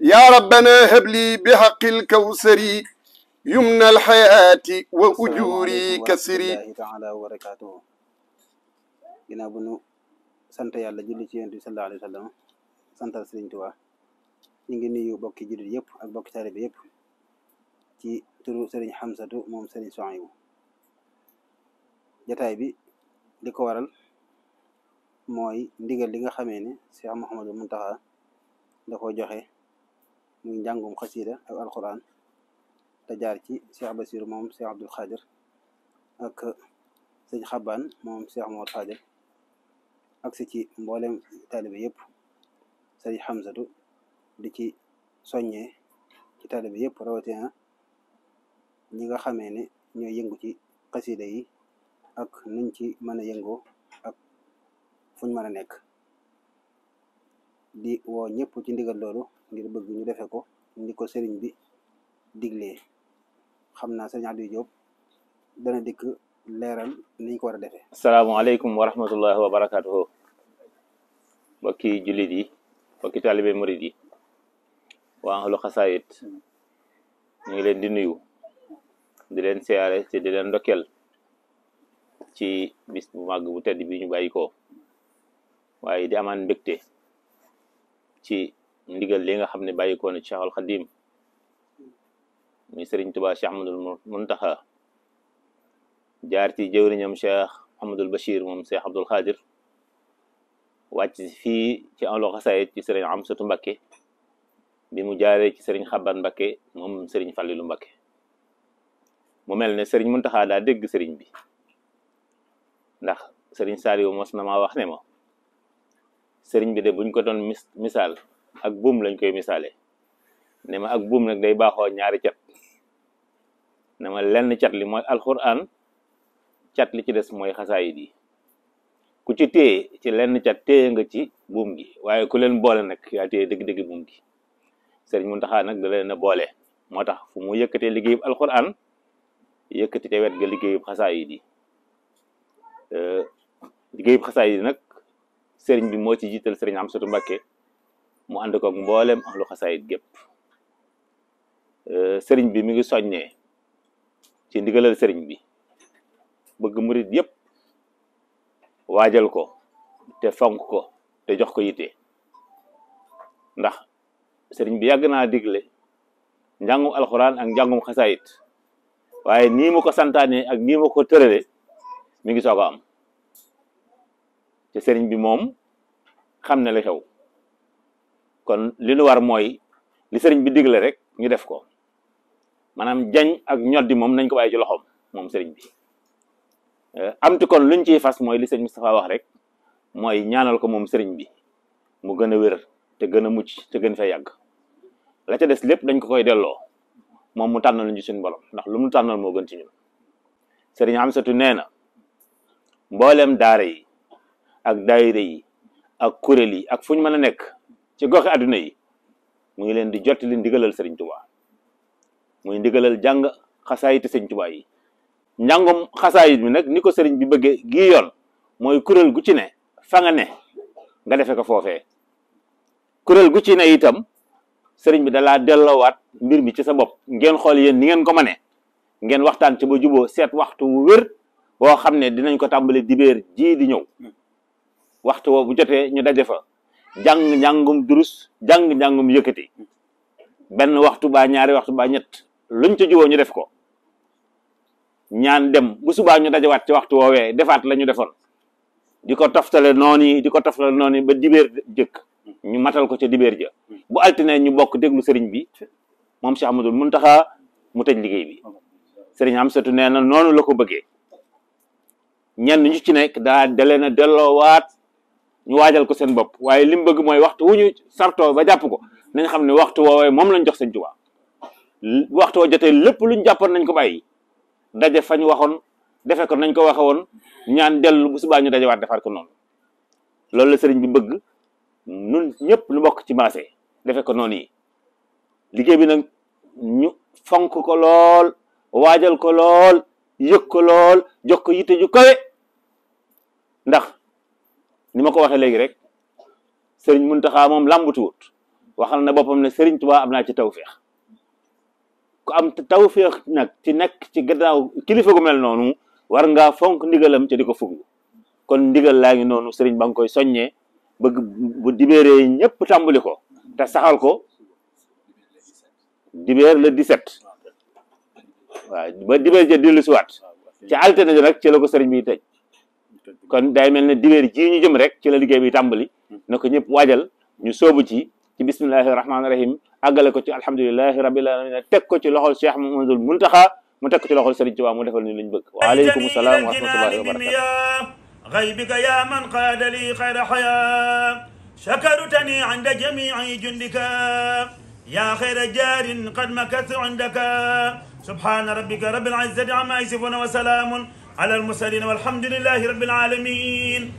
yaa rabbana habli bi haqqil kawsari yumnal hayaati wa ujuuri kasiri taala wa barakaatuhu ginnaaw bu nu sant yàlla julli ci yonent bi sallallahu alayhi wa ñu ngi nuyu bokki jullit yëpp ak bokki taalibe yëpp ci turu Sëriñ Hamsatu moom Sëriñ Suhaybu jataay bi li ko waral mooy ndigal li nga xamee ne Cheikh Mouhamadou Mountakha da ko joxe muy njàngum xasiida ak alquran te jaar ci Cheikh Basir moom Cheikh Abdul Xaadir ak sëñ Xabaan moom Cheikh Mawal Xaadir ak ci mboolem taalibe yëpp sëñ Xamsatu di ci soññee ci taalibe yëpp rawatina ñi nga xamee ne ñooy yëngu ci xasiida yi ak nuñ ci mën a yëngoo ak fuñ mën a nekk di woo ñëpp ci ndigal loolu ngir bëgg ñu defe ko ni ko sëriñ bi diglee xam naa sëriñ Aliou Diop dana dikk leeral ni ñu ko war a defee. asalaamaaleykum wa rahmatullahi wa barakaatuhu mbokki jullit yi mbokki taalibe murid yi waa ahlu xasaayit ñu ngi leen di nuyu di leen siyaare te di leen ndokkeel ci bis bu màgg bu tedd bi ñu bàyyi ko di amaan mbégte ci ndigal li nga xam ne bàyyi ko na Cheikh al Xadim muy Sëriñ Muntaxa jaar ci jëwriñam Cheikh Ahmadul Bachir moom Cheikh Abdul Xaadir wàcc fii ci en loo xasaayit ci Sëriñ Amsatu Mbakke bi mu jaaree ci Sëriñ Xaban Mbakke moom Sëriñ Fàllilu Mbakke mu mel ne Sëriñ Muntaxa daa dégg sëriñ bi ndax Sëriñ Saaliwu mos na maa wax ne ma sëriñ bi de buñ ko doon misaal ak buum lañ koy misaale ne ma ak buum nag day baaxoo ñaari cat ne lenn cat li mooy alxuraan cat li ci des mooy xasaayid yi ku ci téye ci lenn cat téye nga ci buum gi waaye ku leen boole nag yaa téye dëgg-dëgg buum gi sëriñ Muntaxa nag da leen a boole moo tax fu mu liggéey liggéeyub alxuraan yëkkati ca wet ga liggéeyub xasaayid yi liggéeyub xasaayid yi nag sëriñ bi moo ci jiital sëriñ Amsatu Mbàkke mu ànd koog mboolem ahlu xasaayit gépp sëriñ bi mu ngi soññee ci ndigalal sëriñ bi bëgg murit yépp waajal ko te fonk ko te jox ko yitte ndax sëriñ bi yàgg naa digle njàngum alxuraan ak njàngum xasaayit waaye nii ma ko santaane ak nii ma ko tërale mi ngi soog a am te sëriñ bi moom xam na li kon li nu war mooy li sëriñ bi digle rek ñu def ko maanaam jañ ak ñoddi moom nañ ko bàyyi ci loxoom moom sëriñ bi eh, amti kon luñ ciy fas mooy li sëriñ Moustapha wax rek mooy ñaanal ko moom sëriñ bi mu gën a wér te gën a mucc te gën fee yàgg la ca des lépp dañ ko koy delloo moom mu tànnal ñu suñu borom ndax lu mu tànnal moo gën ci ñun sëriñ Amsatu nee na mboolem daara yi ak daayira yi ak kuréel yi ak fuñ ñu mën a nekk ci goxi adduna yi mu ngi leen di jot li ndigalal sëriñ tubaa muy ndigalal jàng xasaayiti sëriñ tubaa yi njàngum xasaayit bi nag ni ko sëriñ bi bëggee gi yoon mooy kuréel gu ci ne fa nga ne nga defe ko foofe kuréel gu ci ne itam sëriñ bi dalaa delloowaat mbir mi ci sa bopp ngeen xool yéen ni ngeen ko mane ngeen waxtaan ci ba juboo seet waxtu wu wér woo xam ne dinañ ko tàmbali dibéer jii di ñëw waxtu woo bu jotee ñu daje fa jàng njàngum durus jàng njàngum yëkkati benn waxtu baa ñaari waxtu baa ñett luñ te juboo ñu def ko ñaan dem bu subaa ñu daje waat ci waxtu woowee defaat la ñu defoon di ko toftale noonu yi di ko toftale noonu ba dibeer jëkk ñu matal ko ca dibeer ja bu altine ñu bokk déglu sëriñ bi moom Cheikh mun Muntaxa mu tëj liggéey bi sëriñ Amsatu nee na noonu la ko bëggee ñenn ñu ci nekk daa dale ñu waajal ko seen bopp waaye li bëgg mooy waxtu wu ñu sartoo ba jàpp ko nañ xam ne waxtu woowee moom lañ jox seen Tuubaa waxtu woo jotee lépp luñ jàppoon nañ ko bàyyi daje fañ waxoon defe ko nañ ko waxe woon ñaan dellu bu subaa ñu dajewaat defaat ko noonu loolu la sëriñ bi bëgg nun ñëpp lu bokk ci maase defe ko noonu yi liggéey bi nag ñu fonk ko lool waajal ko lool yëg ko lool jox ko yitte ju kawe ndax ni ma ko waxee léegi rek sëriñ Muntaxa moom làmbatuwut waxal na boppam ne sëriñ Tuubaa am naa ci taw feex ku am tawféex nag ci nekk ci gannaaw kilifa gu mel noonu war ngaa fonk ndigalam te di ko fuglu kon ndigal laa ngi noonu sëriñ ba nga koy soññee bëgg bu dibéeree ñëpp tàmbali ko te saxal ko dibéer le 17 waaw ba dibéer ja dellusiwaat ci altine nag ci la ko sëriñ bi tëj kon day mel ne diweer jii ñu jëm rek ci la liggéey bi tàmbali hmm. na ko ñëpp waajal ñu soobu ci ci bismillahi rahmaani rahim àggale ko ci alhamdulilahi rabbil alamin teg ko ci loxol cheikh mamadul muntaxa mu teg ko ci loxol Serigne Touba mu defal ñu liñ bëgg waaleykum salaam wa rahmatullahi wa barakatuh غيبك يا من قاد لي خير حياة شكرتني عند جميع جندك يا خير جار قد مكثت عندك سبحان ربك رب العزة عما يصفون وسلام ala al mursalin walhamdulillahi rabbil alamin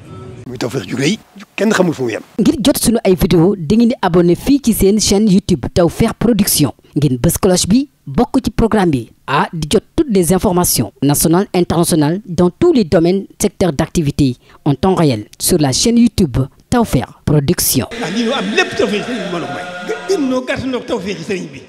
kenn xamul fu mu ngir jot sunu ay vidéo dangeen di abonné fii ci seen chaîne YouTube Tawfekh Production ngeen bës cloche bi bokk ci programme bi ah di jot toutes des informations nationales internationales dans tous les domaines secteurs d'activité en temps réel sur la chaîne YouTube Tawfekh Production. ah lii am lépp